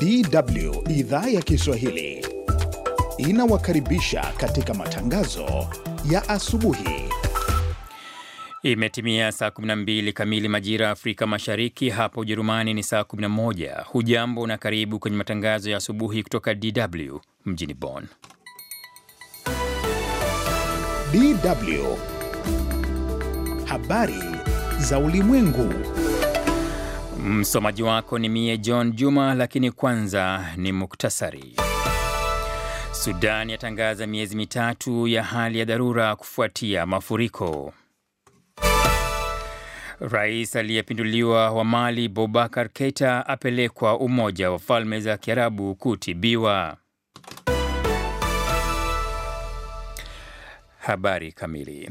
DW idhaa ya Kiswahili inawakaribisha katika matangazo ya asubuhi. Imetimia saa 12 kamili majira ya Afrika Mashariki, hapa Ujerumani ni saa 11. Hujambo na karibu kwenye matangazo ya asubuhi kutoka DW mjini Bonn. DW habari za ulimwengu Msomaji wako ni mie John Juma, lakini kwanza ni muktasari. Sudan yatangaza miezi mitatu ya hali ya dharura kufuatia mafuriko. Rais aliyepinduliwa wa Mali Bobakar Keita apelekwa Umoja wa Falme za Kiarabu kutibiwa. Habari kamili.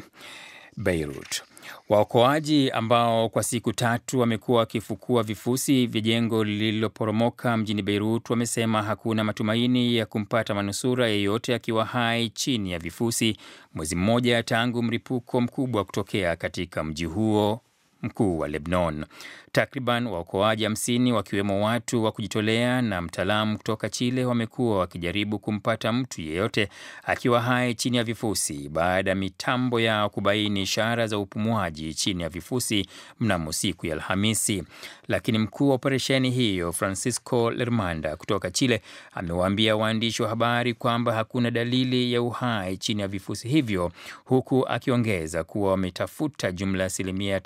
Beirut Waokoaji ambao kwa siku tatu wamekuwa wakifukua vifusi vya jengo lililoporomoka mjini Beirut wamesema hakuna matumaini ya kumpata manusura yeyote akiwa hai chini ya vifusi, mwezi mmoja tangu mlipuko mkubwa kutokea katika mji huo mkuu wa Lebanon. Takriban waokoaji hamsini wakiwemo watu wa kujitolea na mtaalamu kutoka Chile wamekuwa wakijaribu kumpata mtu yeyote akiwa hai chini ya vifusi baada ya mitambo yao kubaini ishara za upumuaji chini ya vifusi mnamo siku ya Alhamisi, lakini mkuu wa operesheni hiyo Francisco Lermanda kutoka Chile amewaambia waandishi wa habari kwamba hakuna dalili ya uhai chini ya vifusi hivyo, huku akiongeza kuwa wametafuta jumla asilimia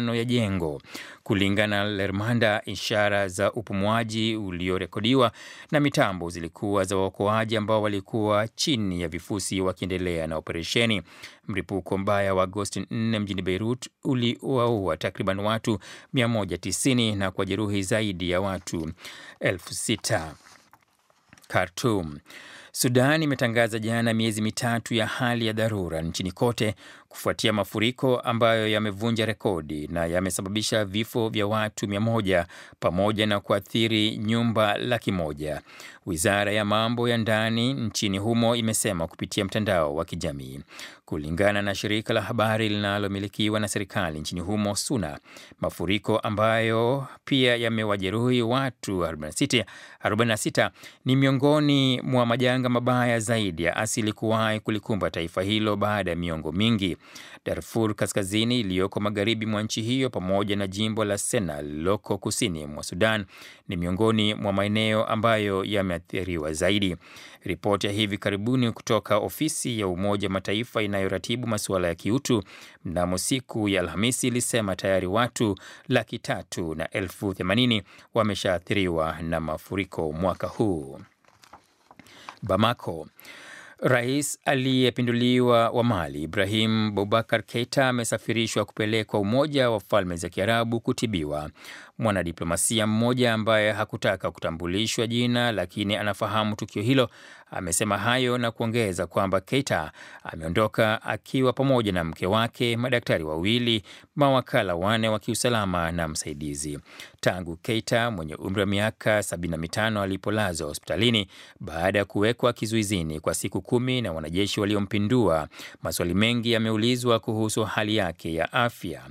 mapatano ya jengo. Kulingana na Lermanda, ishara za upumuaji uliorekodiwa na mitambo zilikuwa za waokoaji ambao walikuwa chini ya vifusi wakiendelea na operesheni. Mlipuko mbaya wa Agosti 4 mjini Beirut uliwaua takriban watu 190 na kujeruhi zaidi ya watu elfu sita. Khartoum. Sudan imetangaza jana miezi mitatu ya hali ya dharura nchini kote kufuatia mafuriko ambayo yamevunja rekodi na yamesababisha vifo vya watu mia moja pamoja na kuathiri nyumba laki moja. Wizara ya mambo ya ndani nchini humo imesema kupitia mtandao wa kijamii. Kulingana na shirika la habari linalomilikiwa na serikali nchini humo SUNA, mafuriko ambayo pia yamewajeruhi watu 46, 46 ni miongoni mwa majanga mabaya zaidi ya asili kuwahi kulikumba taifa hilo baada ya miongo mingi. Darfur Kaskazini iliyoko magharibi mwa nchi hiyo pamoja na jimbo la Sena lililoko kusini mwa Sudan ni miongoni mwa maeneo ambayo yameathiriwa zaidi. Ripoti ya hivi karibuni kutoka ofisi ya Umoja Mataifa inayoratibu masuala ya kiutu mnamo siku ya Alhamisi ilisema tayari watu laki tatu na elfu themanini wameshaathiriwa na mafuriko mwaka huu. Bamako. Rais aliyepinduliwa wa Mali Ibrahim Boubacar Keita amesafirishwa kupelekwa Umoja wa Falme za Kiarabu kutibiwa. Mwanadiplomasia mmoja ambaye hakutaka kutambulishwa jina, lakini anafahamu tukio hilo, amesema hayo na kuongeza kwamba Keita ameondoka akiwa pamoja na mke wake, madaktari wawili, mawakala wane wa kiusalama na msaidizi. Tangu Keita mwenye umri wa miaka 75 alipolazwa hospitalini baada ya kuwekwa kizuizini kwa siku kumi na wanajeshi waliompindua, maswali mengi yameulizwa kuhusu hali yake ya afya.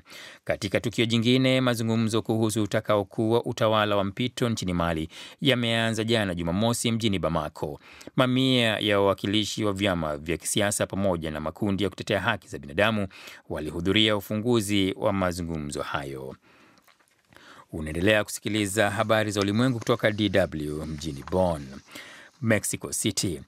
Katika tukio jingine, mazungumzo kuhusu utakaokuwa utawala wa mpito nchini Mali yameanza jana Jumamosi mjini Bamako. Mamia ya wawakilishi wa vyama vya kisiasa pamoja na makundi ya kutetea haki za binadamu walihudhuria ufunguzi wa mazungumzo hayo. Unaendelea kusikiliza habari za ulimwengu kutoka DW mjini Bonn. Mexico City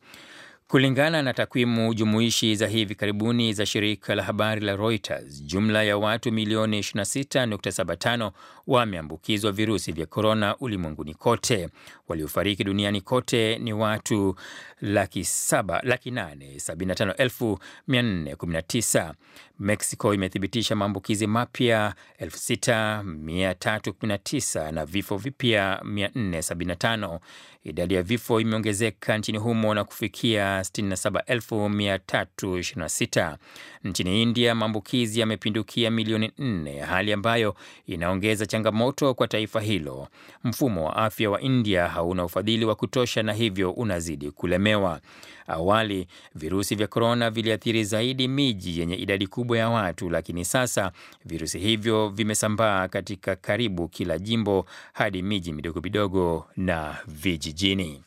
Kulingana na takwimu jumuishi za hivi karibuni za shirika la habari la Reuters, jumla ya watu milioni 26.75 wameambukizwa virusi vya korona ulimwenguni kote. Waliofariki duniani kote ni watu laki 875,419. Mexico imethibitisha maambukizi mapya 6,319 na vifo vipya 475. Idadi ya vifo imeongezeka nchini humo na kufikia 67326. Nchini India maambukizi yamepindukia milioni 4, hali ambayo inaongeza changamoto kwa taifa hilo. Mfumo wa afya wa India hauna ufadhili wa kutosha na hivyo unazidi kulemewa. Awali virusi vya korona viliathiri zaidi miji yenye idadi kubwa ya watu, lakini sasa virusi hivyo vimesambaa katika karibu kila jimbo hadi miji midogo midogo na vijijini.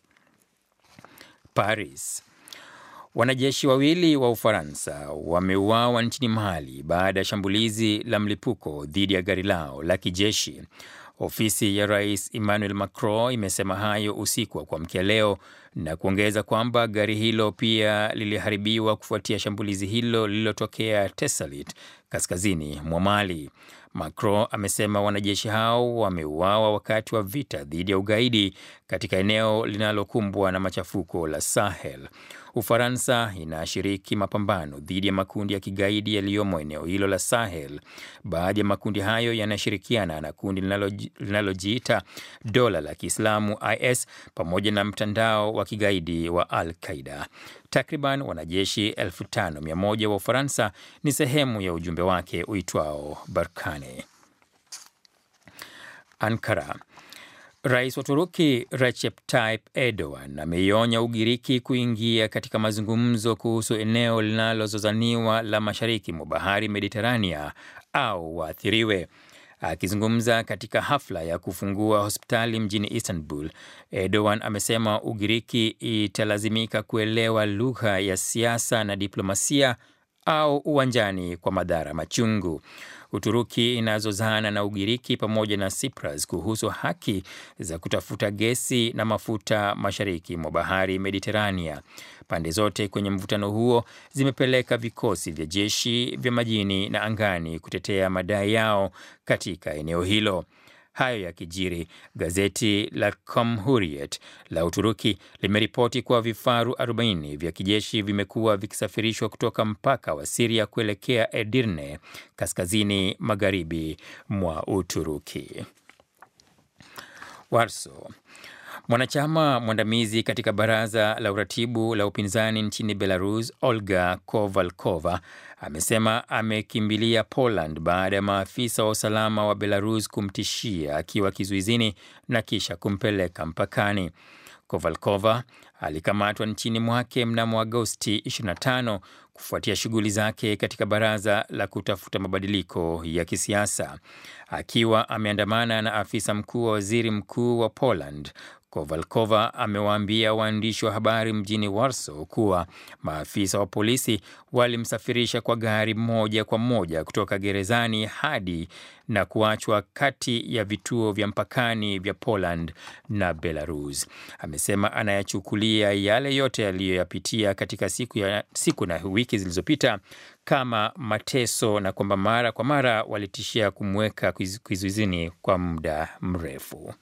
Paris Wanajeshi wawili wa Ufaransa wameuawa nchini Mali baada ya shambulizi la mlipuko dhidi ya gari lao la kijeshi. Ofisi ya Rais Emmanuel Macron imesema hayo usiku wa kuamkia leo na kuongeza kwamba gari hilo pia liliharibiwa kufuatia shambulizi hilo lililotokea Tessalit kaskazini mwa Mali. Macron amesema wanajeshi hao wameuawa wakati wa vita dhidi ya ugaidi katika eneo linalokumbwa na machafuko la Sahel. Ufaransa inashiriki mapambano dhidi ya makundi ya kigaidi yaliyomo eneo hilo la Sahel. Baadhi ya makundi hayo yanashirikiana na kundi linalojiita dola la Kiislamu IS pamoja na mtandao wa kigaidi wa Al Qaida. Takriban wanajeshi 5100 wa Ufaransa ni sehemu ya ujumbe wake uitwao Barkane. Ankara Rais wa Uturuki Recep Tayyip Erdogan ameionya Ugiriki kuingia katika mazungumzo kuhusu eneo linalozozaniwa la mashariki mwa bahari Mediterania au waathiriwe. Akizungumza katika hafla ya kufungua hospitali mjini Istanbul, Erdogan amesema Ugiriki italazimika kuelewa lugha ya siasa na diplomasia au uwanjani kwa madhara machungu. Uturuki inazozana na Ugiriki pamoja na Cyprus kuhusu haki za kutafuta gesi na mafuta mashariki mwa bahari Mediterania. Pande zote kwenye mvutano huo zimepeleka vikosi vya jeshi vya majini na angani kutetea madai yao katika eneo hilo. Hayo yakijiri, gazeti la Cumhuriyet la Uturuki limeripoti kuwa vifaru 40 vya kijeshi vimekuwa vikisafirishwa kutoka mpaka wa Siria kuelekea Edirne, kaskazini magharibi mwa Uturuki. Warsaw Mwanachama mwandamizi katika baraza la uratibu la upinzani nchini Belarus, Olga Kovalkova amesema amekimbilia Poland baada ya maafisa wa usalama wa Belarus kumtishia akiwa kizuizini na kisha kumpeleka mpakani. Kovalkova alikamatwa nchini mwake mnamo Agosti 25 kufuatia shughuli zake katika baraza la kutafuta mabadiliko ya kisiasa, akiwa ameandamana na afisa mkuu wa waziri mkuu wa Poland Kovalkova amewaambia waandishi wa habari mjini Warsaw kuwa maafisa wa polisi walimsafirisha kwa gari moja kwa moja kutoka gerezani hadi na kuachwa kati ya vituo vya mpakani vya Poland na Belarus. Amesema anayachukulia yale yote aliyoyapitia katika siku, ya, siku na wiki zilizopita kama mateso na kwamba mara kwa mara walitishia kumweka kizuizini kwa muda mrefu.